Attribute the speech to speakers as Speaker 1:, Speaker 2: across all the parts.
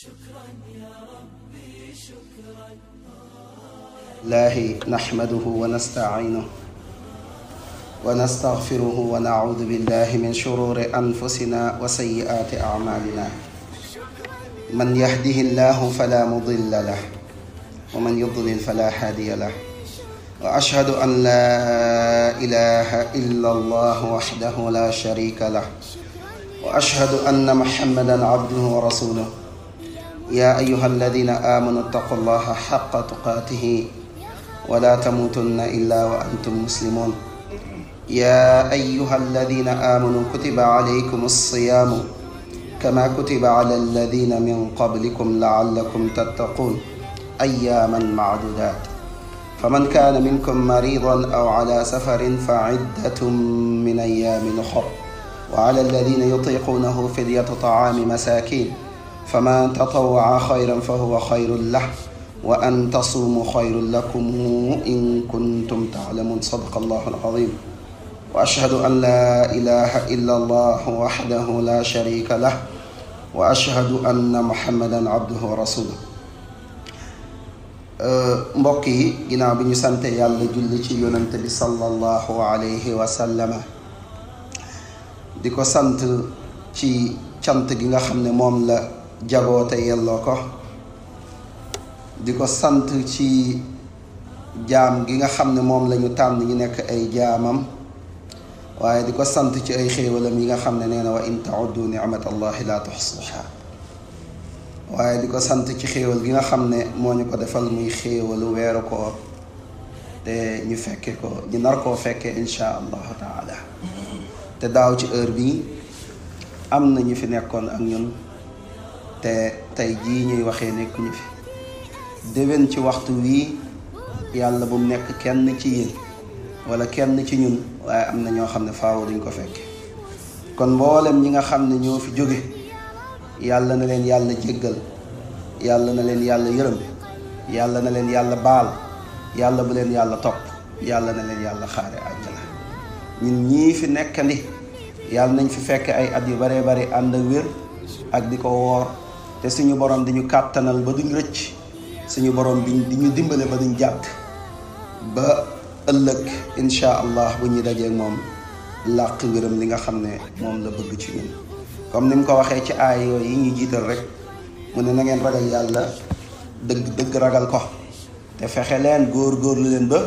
Speaker 1: شكرا يا ربي شكرا الله نحمده ونستعينه ونستغفره ونعوذ بالله من شرور أنفسنا وسيئات أعمالنا من يهده الله فلا مضل له ومن يضلل فلا هادي له وأشهد أن لا إله إلا الله وحده لا شريك له وأشهد أن محمدا عبده ورسوله يا أيها الذين آمنوا اتقوا الله حق تقاته ولا تموتن إلا وأنتم مسلمون يا أيها الذين آمنوا كتب عليكم الصيام كما كتب على الذين من قبلكم لعلكم تتقون أياما معدودات فمن كان منكم مريضا أو على سفر فعدة من أيام أخر وعلى الذين يطيقونه فدية طعام مساكين فمن تطوع خيرا فهو خير له وأن تصوموا خير لكم إن كنتم تعلمون صدق الله العظيم وأشهد أن لا إله إلا الله وحده لا شريك له وأشهد أن محمدا عبده ورسوله مبكي أه، yi ginnaaw bi ñu sante yàlla julli ci yonante bi sallallahu alayhi wa sallama di ko sant ci cant gi nga xam jaboote yello ko diko sant ci jam gi nga xamne mom lañu tan ñu nek ay jamam waye diko sant ci ay xewalam yi nga xamne neena wa in tauddu ni'mat allah la tuhsuha waye diko sant ci xewal gi nga xamne moñu ko defal muy xéewalu weeru ko te ñu fekke ko ñu nar ko fekké insha allah taala te daw ci heure bi amna ñu fi nekkon ak ñun te tey jii ñuy waxee nekkuñu fi déwén ci waxtu wii yàlla bu mu nekk kenn ci yéen wala kenn ci ñun waaye am na ñoo xam ne faaw duñ ko fekke kon mboolem ñi nga xam ne ñoo fi jóge yàlla na leen yàlla jéggal yàlla na leen yàlla yërëm yàlla na leen yàlla baal yàlla bu leen yàlla topp yàlla na leen yàlla xaare àjjana ñun ñii fi nekkandi yàlla nañ fi fekk ay at yu bare bare ànd ak wér ak di ko woor te suñu boroom di ñu kàttanal ba duñ rëcc suñu borom bi di ñu dimbale ba duñu jàdd ba ëllëg incha allah bu ñuy dajee moom làq ngërëm li nga xam ne moom la bëgg ci ñun comme ni mu ko waxee ci aay yooyu yi ñu jiital rek mu ne na ngeen ragal yàlla dëgg dëgg ragal ko te fexe leen góor góor lu leen ba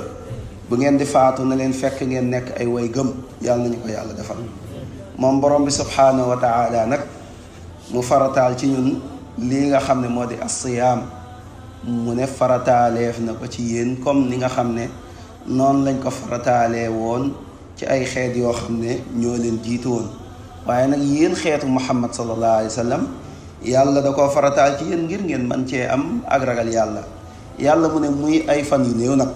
Speaker 1: bu ngeen di faatu na leen fekk ngeen nekk ay woy gëm yàlla nañu ko yàlla defal moom borom bi subhaanahu wa nag mu farataal ci ñun li nga xamne modi as-siyam mu ne farataaleef na ko ci yéen comme ni nga xamne non lañ ko farataalee won ci ay xeet yo xamne ñoo leen jitu won waye nak yéen xeetu muhammad sallallahu alayhi wasallam yàlla da ko farataal ci yéen ngir ngeen man ci am ak ragal yàlla yàlla mu ne muy ay fan yu néew nak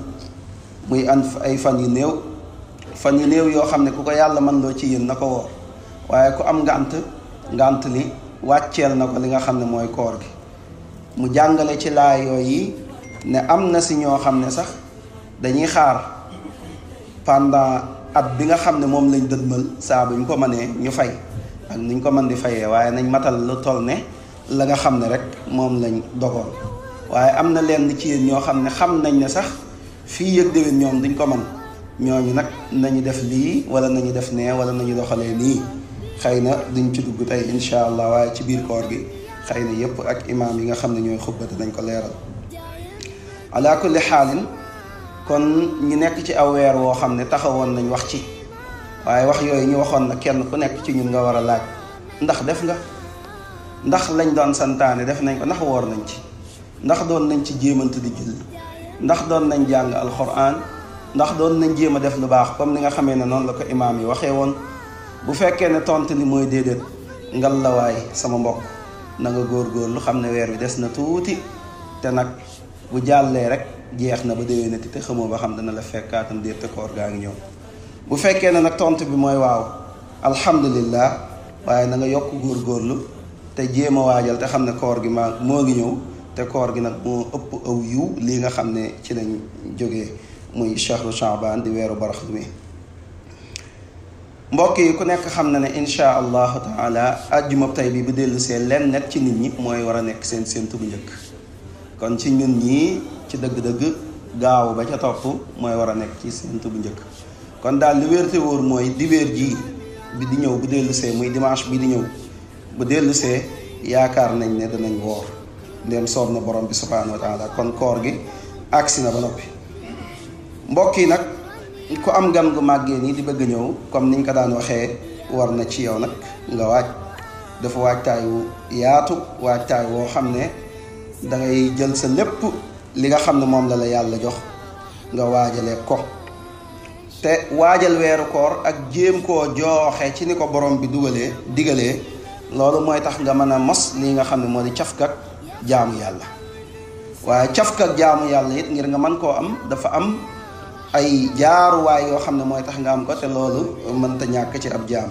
Speaker 1: muy an ay fan yu néew fan yu néew yo xamne ku ko yàlla man do ci yéen nako wor waye ku am ngànt ngànt li wàcceel na ko li nga xam ne mooy koor gi mu jàngale ci laa yi ne am na si ñoo xam ne sax dañuy xaar pendant at bi nga xam ne moom lañ dëdmal saa bu ñu ko mënee ñu fay ak nuñ ko mën di fayee waaye nañ matal lu toll ne la nga xam ne rek moom lañ dogoon waaye am na leen ci yéen ñoo xam ne xam nañ ne sax fii yëg déwén ñoom duñ ko mën ñooñu nag nañu def lii wala nañu def nee wala nañu doxalee nii xëy na duñ ci dugg tey incha allah waaye ci biir koor bi xëy na yëpp ak imaam yi nga xam ne ñooy xutba nañ ko leeral ala kulli xaalin kon ñu nekk ci aw weer woo xam ne taxawoon nañ wax ci waaye wax yooyu ñu waxoon na kenn ku nekk ci ñun nga war a laaj ndax def nga ndax lañ doon santaane def nañ ko ndax woor nañ ci ndax doon nañ ci jéemant di julli ndax doon nañ jàng alxuraan ndax doon nañ jéem def lu baax comme ni nga xamee ne noonu la ko imaam yi waxee woon bu fekkee ne tont ni mooy déedéet ngal la waay sama mbokk na nga góorgóorlu xam ne weer wi des na tuuti te nag bu jàllee rek jeex na ba déwénati te xamoo ba xam ne dana la fekkaatam déet te koor gaa ngi ñëw bu fekkee ne nag tont bi mooy waaw alhamdulillah waaye na yokk góor góorlu te jéem a waajal te xam ne koor gi moo ngi ñëw te koor gi nag moo ëpp aw yiw lii nga xam ne ci lañ jóge muy chahru Shaaban di weeru barax mi mbokk yi ku nekk xam na ne incha allahu taala ajjuma tay bi bu dellusee lenn nekk ci nit ñi mooy war a nekk seen séentu bu njëkk kon ci ñun ñii ci dëgg-dëgg gaaw ba ca topp mooy war a nekk ci séentu bu njëkk kon daal li wérte wóor mooy dibeer ji bi di ñëw bu dellusee muy dimanche bi di ñëw bu dellusee yaakaar nañ ne danañ woor ndéem soob na borom bi subhanahu wa taala kon koor gi agsi na ba noppi mbokk yi nag ku am gan gu màggee nii di bëgg ñëw comme niñ ko daan waxee war na ci yow nag nga waaj dafa waajtaayu yaatu waajtaay woo xam ne dangay jël sa lépp li nga xam ne moom la la yàlla jox nga waajaleek ko te waajal weeru koor ak jéem koo jooxe ci ni ko borom bi dugalee digalee loolu mooy tax nga mën a mos lii nga xam ne moo di cafkak jaamu yàlla waaye cafkak jaamu yàlla it ngir nga mën koo am dafa am ay jaaruwaay yoo xam ne mooy tax nga am ko te loolu mënta ñàkk ci ab jaam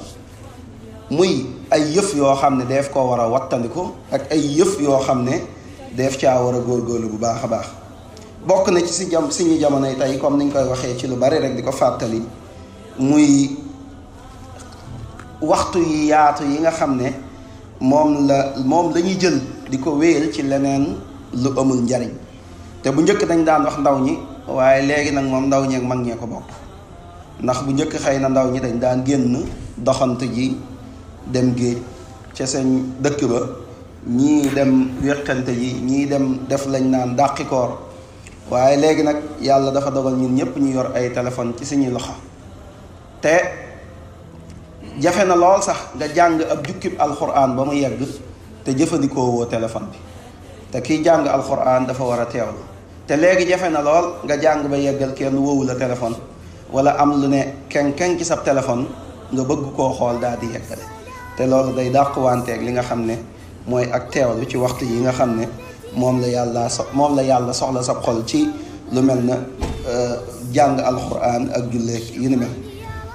Speaker 1: muy ay yëf yoo xam ne def ko war a wattandiku ak ay yëf yoo xam ne def caa war a góor góorgóorlu bu baax a baax bokk na ci si jam suñu jamonoy tey comme niñ koy waxee ci lu bari rek di ko fàttali muy waxtu yi yaatu yi nga xam ne moom la moom la jël di ko wéyal ci leneen lu amul njariñ te bu njëkk dañ daan wax ndaw ñi waaye léegi nag moom ndaw ñee mag ñee ko bokk ndax bu njëkk xëy na ndaw ñi dañ daan génn doxant ji dem géej ca seen dëkk ba ñii dem wéqante ji ñii dem def lañ naan dàqi waaye léegi nag yàlla dafa dogal ñun ñëpp ñu yor ay téléphone ci suñuy loxo te jafe na lool sax nga jàng ab jukkib alxuraan ba mu yegg te jëfandikoo woo téléphone bi te kiy jàng alxuraan dafa war a teewlu te léegi jafe na lool nga jàng ba yeggal kenn woowu la téléphone wala am lu ne ken ken ci sab téléphone nga bëgg ko xol daal di yeggal te loolu day dakk wante ak li nga xamne moy ak tewal ci waxtu yi nga xamne mom la yàlla mom la yàlla soxla sa xol ci lu melna euh jàng alquran ak julleeg yi ni mel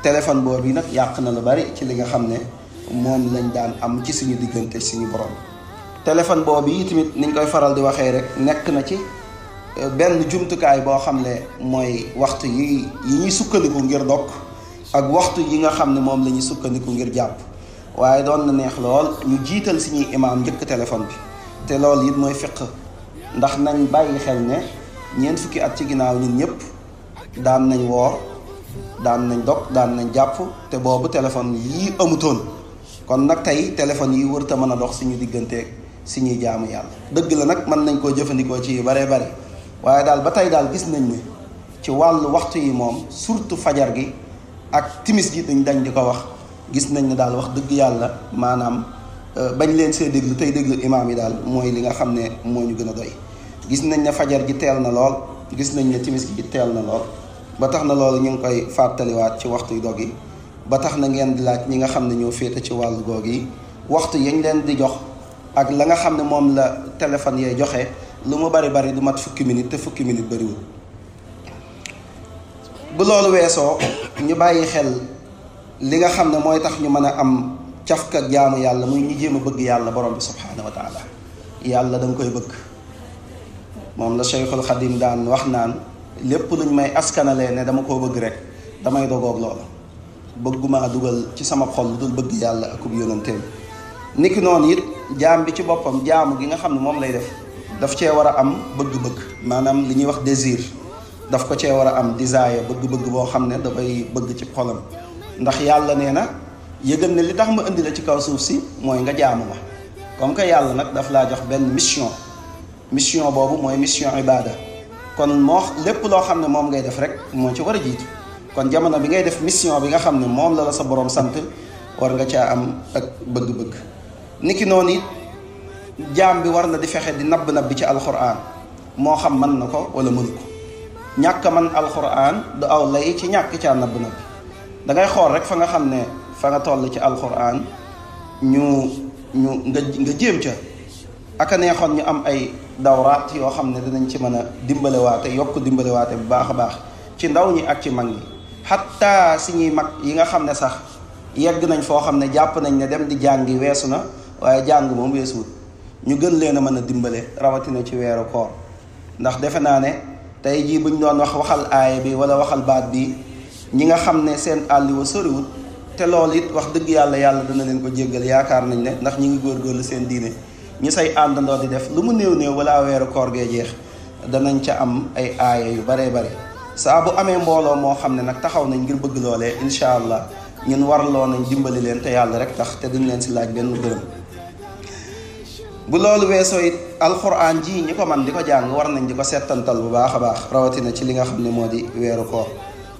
Speaker 1: téléphone boobu nak yàq na lu bari ci li nga xamne mom lañ daan am ci suñu digënté suñu borom téléphone bobu yi tamit niñ koy faral di waxé rek nek na ci benn jumtukaay boo xam ne mooy waxtu yi yi sukkandiku ngir dog ak waxtu yi nga xam ne moom lañuy sukkandiku ngir jàpp waaye doon na neex lool ñu jiital suñuy imaam njëkk téléphone bi te loolu it mooy fiq ndax nañ bàyyi xel ne ñeent fukki at ci ginnaaw ñun ñëpp daan nañ woor daan nañ dog daan nañ jàpp te boobu téléphone yii amutoon kon nag tey téléphone yi wër te mën a dox suñu digganteeg suñuy jaamu yàlla dëgg la nag mën nañ koo jëfandikoo ci yu baree bare waaye daal ba tey daal gis nañ ne ci wàllu waxtu yi moom surtout fajar gi ak timis gi dañ dañ di ko wax gis nañ ne daal wax dëgg yàlla maanaam bañ leen see déglu tey déglu imaam yi daal mooy li nga xam ne moo ñu gën a doy gis nañ ne fajar gi teel na lool gis nañ ne timis gi teel na lool ba tax na loolu ñu ngi koy fàttaliwaat ci waxtu dog yi ba tax na ngeen di laaj ñi nga xam ne ñoo féete ci wàllu goog yi waxtu yañ leen di jox ak la nga xam ne moom la téléphone yee joxe lu mu bari bari du mat fukki minute te fukki minute bariwul bu loolu weesoo ñu bàyyi xel li nga xam ne mooy tax ñu mën a am cafka jaamu yàlla muy ñu jéem a bëgg yàlla borom bi subhaanahu wa yàlla da koy bëgg moom la Cheikhul Xadim daan wax naan lépp luñ may askanalee ne dama koo bëgg rek damay dogoog loola bëggumaa dugal ci sama xol lu dul bëgg yàlla akub yónnanteem niki noonu it jaam bi ci boppam jaamu gi nga xam ne moom lay def daf cee war a am bëgg-bëgg maanaam li ñuy wax désir daf ko cee war a am desire bëgg-bëgg boo xam ne dafay bëgg ci xolam ndax yàlla nee na yëgal ne li tax ma indi la ci kaw suuf si mooy nga jaamu ma comme que yàlla nag daf laa jox benn mission mission boobu mooy mission ibada kon moo lépp loo xam ne moom ngay def rek moo ci war a jiitu kon jamono bi ngay def mission bi nga xam ne moom la la sa borom sant war nga caa am ak bëgg-bëgg niki it jam bi warna di fexé di nab nabbi ci alquran mo xam man nako wala mënu ko ñàkk man alquran du aw lay ci ñak ci nab nabbi da ngay xor rek fa nga xam ne fa nga toll ci alquran ñu ñu nga nga jéem ca aka neexoon ñu am ay dawraat yo xam ne dinañ ci dimbalé a yok dimbalé dimbalewaate bu baax baax ci ndaw ñi ak ci mag ñi xatta si mag yi nga xam ne sax yegg nañ fo xam ne nañ ne dem di wessuna waye jang mom ñu gën leen a mën a dimbale rawatina ci weeru koor ndax defe naa ne tey jii buñ doon wax waxal aaya bii wala waxal baat bi ñi nga xam ne seen àlliwa soriwut te lool it wax dëgg yàlla yàlla dana leen ko jéggal yaakaar nañ ne ndax ñi ngi góor góorgóorlu seen diine ñi say àndandoo di def lu mu néew néew wala weeru koor gee jeex danañ ca am ay aaya yu baree bare saa bu amee mbooloo moo xam ne nag taxaw nañ ngir bëgg loolee incha allah ñun warloo nañ dimbali leen te yàlla rek tax te duñ leen si laaj benn dërëm bu loolu weesoo it alxuraan ji ñi ko man di ko jàng war nañ di ko settantal bu baax a baax rawatina ci li nga xam ne moo di weeru koor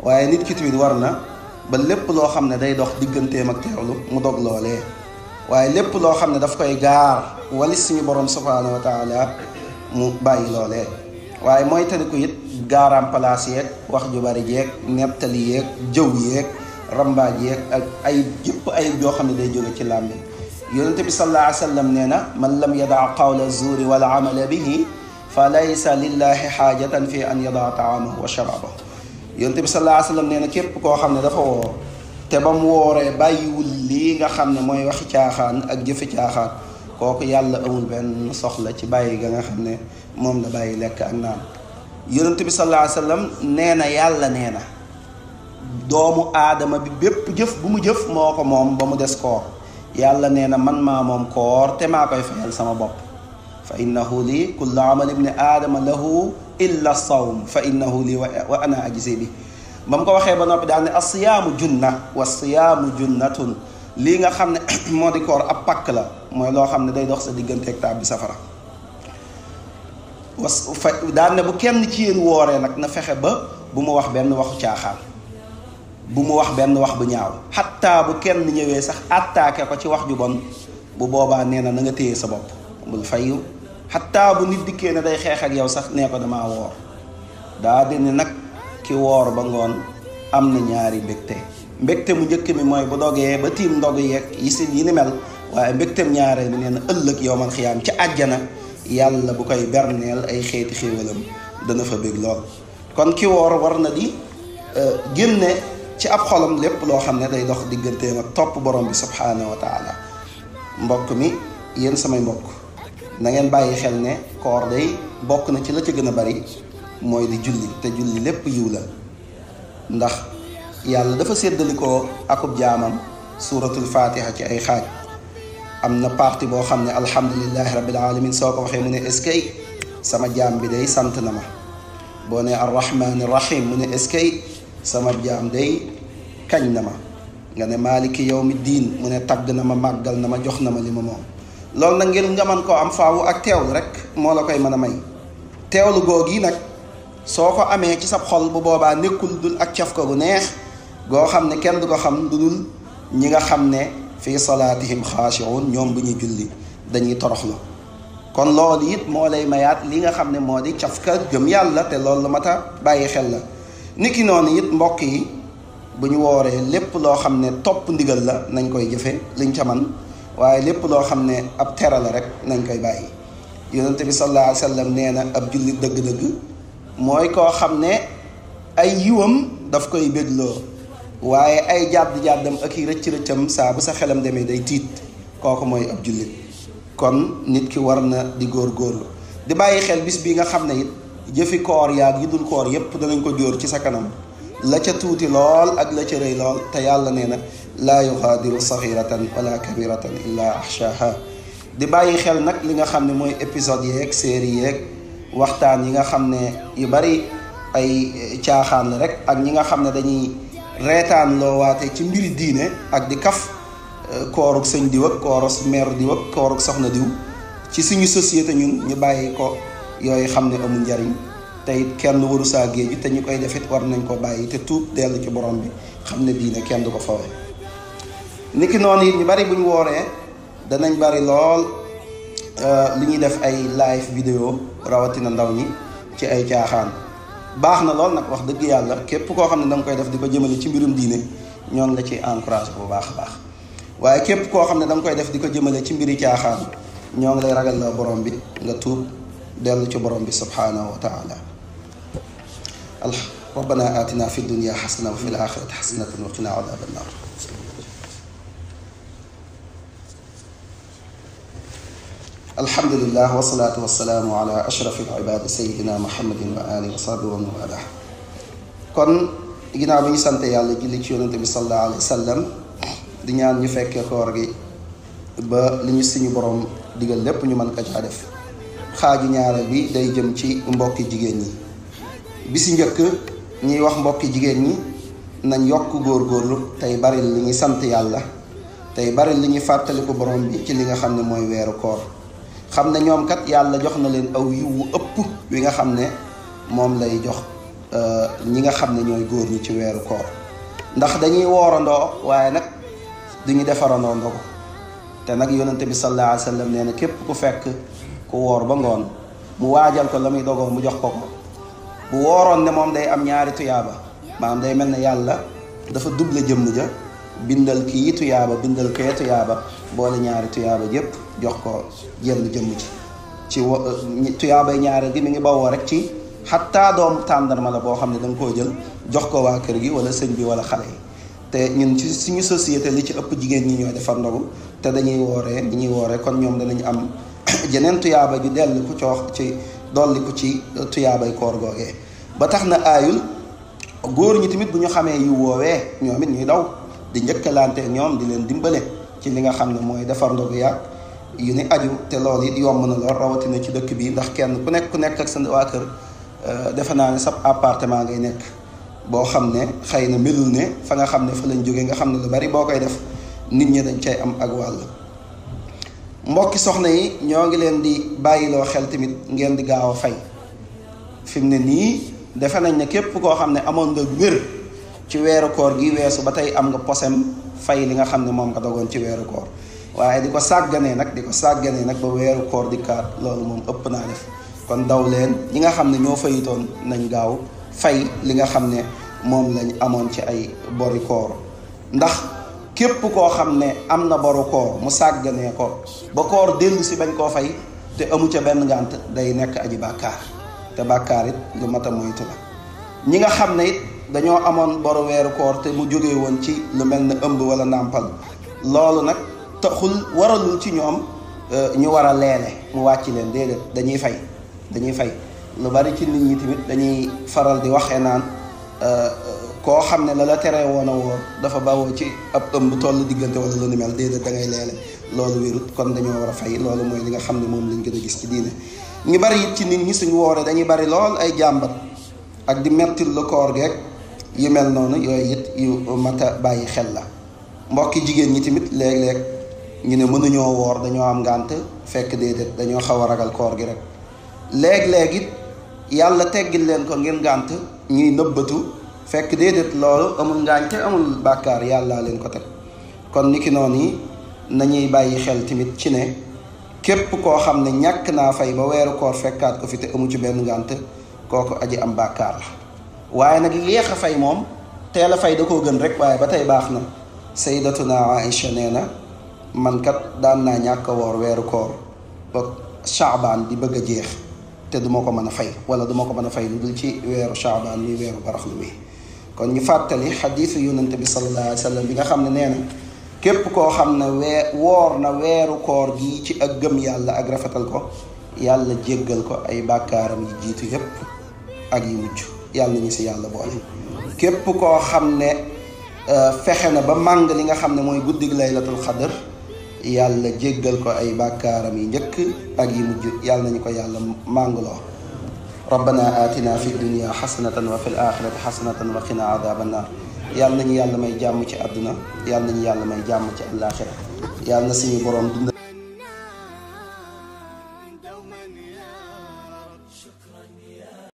Speaker 1: waaye nit ki tamit war na ba lépp loo xam ne day dox digganteem ak teewlu mu dog loolee waaye lépp loo xam ne daf koy gaar walis suñu borom subhaanahu wa taala mu bàyyi loole waaye mooy taniku it gaaraam palaas yeeg wax ju bari jeek nettali yeeg jëw yeeg rambaaj yeeg ak ay jëpp ayib yoo xam ne day jóge ci làmmiñ yonent bi sallallahu alayhi wa sallam nee na man lam yadaa qawla zuuri wal amala bihi fa laysa lillahi xaajatan fi an yadaa taamahu wa sharabahu yonent bi sallallahu alayhi wa sallam nee na képp koo xam ne dafa woor te ba mu wooree bàyyiwul lii nga xam ne mooy waxi caaxaan ak jëfi caaxaan kooku yàlla amul benn soxla ci bàyyi ga nga xam ne moom la bàyyi lekk ak naan yonent bi sallallahu alayhi wa sallam nee na yàlla nee na doomu aadama bi bépp jëf bu mu jëf moo ko moom ba mu des koor يالا نينا من ما موم كور تي ما كاي فيل سما بوب فانه لي كل عمل ابن ادم له الا الصوم فانه لي وانا اجزي به بام كو وخي با نوبي داني الصيام جنة والصيام جنة ليغا خامن مودي كور اباك لا موي لو خامن داي دوخ سا ديغنتك تاب بي سفرا وس فدان بو كين تي ين ووري نك نا فخه با بومو واخ بن واخو تياخان bu mu wax benn wax bu ñaaw xattaa bu kenn ñëwee sax attaqué ko ci wax ju bon bu boobaa nee na na nga téye sa bopp bul fayu xattaa bu nit dikkee ne day xeex ak yow sax nee ko damaa woor daa di ne nag ki woor ba ngoon am na ñaari mbégte mbégte mu njëkk mi mooy bu dogee ba tiim ndog yeeg yi si yi ni mel waaye mbégtem ñaareel bi nee na ëllëg yowmal xiyaam ci àjjana yàlla bu koy berneel ay xeeti xéewalam dana fa bég lool kon ki woor war na di euh, génne ci ab xolom lépp loo xam ne day dox diggante ak topp borom bi subhaanahu wa taala mbokk mi yéen samay mbokk nangeen bàyyi xel ne koor day bokk na ci la ca gën a bari mooy di julli te julli lépp yiw la ndax yàlla dafa séddalikoo akub jaamam suuratul fatiha ci ay xaaj am na partie boo xam ne alhamdulilahi rabbil alamin soo ko waxee mu ne eskay sama jaam bi day sant na ma boo ne arrahmani rahim mu ne eskay sama jaam day kañ na ma nga ne maaliki yawmi diin mu ne tagg na ma màggal na ma jox na ma li ma moom loolu nag ngir nga man koo am faawu ak teewlu rek moo la koy mën a may teewlu googi nag soo ko amee ci sab xol bu boobaa nekkul dul ak caf ko gu neex goo xam ne kenn du ko xam du dul ñi nga xam ne fii salaatihim xaashiun ñoom bu ñuy julli dañuy toroxlu kon loolu it moo lay mayaat li nga xam ne moo di caf ka gëm yàlla te loolu lu mat a bàyyi xel la niki noonu it mbokk yi bu ñu wooree lépp loo xam ne topp ndigal la nañ koy jëfe liñ ca man waaye lépp loo xam ne ab tera la rek nañ koy bàyyi yonent bi sallallahu alayhi wa nee na ab jullit dëgg-dëgg mooy koo xam ne ay yiwam daf koy bégloo waaye ay jàdd-jàddam ak i rëcc-rëccam saa bu sa xelam demee day tiit kooku mooy ab jullit kon nit ki war na di góor-góorlu di bàyyi xel bis bi nga xam ne it jëfi koor yaag yi dul koor yépp danañ ko jóor ci sa kanam la ca tuuti lool ak la ca rëy lool te yàlla nee na laa yuxaadiru saxiratan wala kabiratan illa axshaaha di bàyyi xel nag li nga xam ne mooy épisode yeeg série yeeg waxtaan yi nga xam ne yu bari ay caaxaan la rek ak ñi nga xam ne dañuy reetaan loo waate ci mbiri diine ak di kaf koorug sëñ diw ak kooros meer diw ak koorug soxna diw ci suñu société ñun ñu bàyyi ko yooyu xam ne amul njariñ te it kenn waru saa géeju te ñu koy def war nañ ko bàyyi te tuub dellu ci borom bi xam ne diine kenn du ko fawe niki noonu ñu bari bu ñu wooree danañ bari lool euh, li ñuy def ay live vidéo rawatina ndaw ñi ci ay caaxaan baax na lool nag wax dëgg yàlla képp koo xam ne danga koy def di ko jëmale ci mbirum diine ñoon la ci encourage bu baax baax waaye képp koo xam ne danga koy def di ko jëmale ci mbiri caaxaan ñoo ngi lay ragal la borom bi nga tuub dellu ci borom bi subhanahu wa taala ربنا آتنا في الدنيا حسنة وفي الآخرة حسنة وقنا عذاب النار الحمد لله والصلاة والسلام على أشرف العباد سيدنا محمد وآله وصحبه ومن والاه كون جينا بي سانتي يالا جي لي تيونتي صلى الله عليه وسلم دي نيان ني فك كور جي با لي ني سيني بروم ديغال ليپ ني مان كاجا ديف خاجي نيارال بي داي جيم سي bi si njëkk ñuy wax mbokki jigéen ñi nañ yokk góor góorlu tey bari li ñuy sant yàlla tey bari li ñuy fàttaliku borom bi ci li nga xam ne mooy weeru koor xam ne kat yàlla jox na leen aw yiw ëpp wi nga xam ne moom lay jox euh, ñi nga xam ne ñooy góor ñi ci weeru koor ndax dañuy woorandoo waaye nag duñu defarandoo ndogu te nag yonante bi sallallahu alayhi wa sallam nee na képp ku fekk ku woor ba ngoon mu waajal ko la muy dogoo mu jox ko ko bu wooroon ne moom day am ñaari tuyaaba maam day mel ne yàlla dafa double jëmm ja bindal kii tuyaaba bindal kee tuyaaba boole ñaari tuyaaba yépp jox ko jenn jëmm ci ci wa tuyaabay ñaareel gi mi ngi bawoo rek ci xattaa doom tàndarma boo xam ne da koo jël jox ko waa kër gi wala sëñ bi wala xale yi te ñun ci suñu société li ci ëpp jigéen ñi ñooy defar ndogu te dañuy wooree bi ñuy wooree kon ñoom danañ am jeneen tuyaaba ju dell ku coox ci dolli ku ci tuyaabay koor googee ba tax na aayul góor ñi tamit bu ñu xamee yu woowee ñoom it ñuy daw di njëkkalante ñoom di leen dimbale ci li nga xam ne mooy defar ndogu yàgg yu ni aju te loolu it yomb na lool rawatina ci dëkk bi ndax kenn ku nekk ku nekk ak sa waa kër eh, defe naa ne sab appartement ngay nekk boo xam ne xëy na melul ne fa nga xam ne fa lañ jógee nga xam ne lu bari boo koy def nit ñi dañ cay am ak wàll mbokki soxna yi ñoo ngi leen di bàyyiloo xel tamit ngeen di gaaw a fay defe nañ ne képp koo xam ne amoon nga wér ci weeru koor gi weesu ba tey am nga posem fay li nga xam ne moom nga dogoon ci weeru koor waaye di ko sàgganee nag di ko sàgganee nag ba weeru koor di loolu moom ëpp naa def kon daw leen ñi nga xam ne ñoo fayitoon nañ gaaw fay li nga xam ne moom lañ amoon ci ay bori koor ndax képp koo xam ne am na boru koor mu sàgganee ko ba koor dellu si bañ koo fay te amu ca benn ngànt day nekk aji bàkkaar te bàkkaarit it lu mat a moytu la ñi nga xam ne it dañoo amoon boru weeru koor te mu jóge woon ci lu mel ne ëmb wala nàmpal loolu nag taxul waralul ci ñoom euh, ñu war a leele mu wàcc leen déedéet dañuy fay dañuy fay lu bari ci nit ñi tamit dañuy faral di waxee naan euh, koo xam ne la la teree woon a woor dafa bawoo ci ab ëmb tollu diggante wala lu ni mel déedéet da ngay leele loolu wérut kon dañoo war a fay loolu mooy li nga xam ne moom lañ gën a gis ci diine ñu bari it ci nit ñi suñu wooree dañuy bari lool ay jàmbat ak di mettil la koor geeg yu mel noonu yooyu it yu mat bàyyi xel la mbokki jigéen ñi tamit léeg-léeg ñu ne mënuñoo woor dañoo am ngànt fekk déedéet dañoo xaw a ragal koor gi rek léeg-léeg it yàlla teggil leen ko ngeen ngànt ñuy nëbbatu fekk déedéet loolu amul ngànte amul bàkkaar yàlla leen ko teg kon niki noonu yi nañuy bàyyi xel tamit ci ne képp koo xam ne ñàkk naa fay ba weeru koor fekkaat ko fi amu ci benn ngànt kooku aji am bàkkaar la waaye nag yéex a fay moom teel a fay da koo gën rek waaye ba tey baax na sayyidatuna Aïcha nee na man kat daan naa ñàkk woor weeru koor ba Shaabaan di bëgg a jeex te du ma ko mën a fay wala du ma ko mën a fay lu dul ci weeru Shaabaan muy weeru baraxlu bi kon ñu fàttali xadiisu yonante bi sallallahu alayhi wa sallam bi nga xam ne nee na képp koo xam ne wee woor na weeru koor gi ci ak gëm yàlla ak rafetal ko yàlla jéggal ko ay bàkkaaram yi jiitu yépp ak yi mujj yàlla ñu si yàlla boole képp koo xam ne euh, fexe na ba màng li nga xam ne mooy guddig laylatul xadr yàlla jéggal ko ay bàkkaaram yi njëkk ak yi mujj yàlla nañu ko yàlla màngloo rabbana atina fi dunya xasanatan wa fi l axirati xasanatan wa qina adaba annar yàlla ñu yàlla may jàmm ci àdduna yàlla ñu yàlla may jàmm ci àllaaxira yàlla na suñu borom dund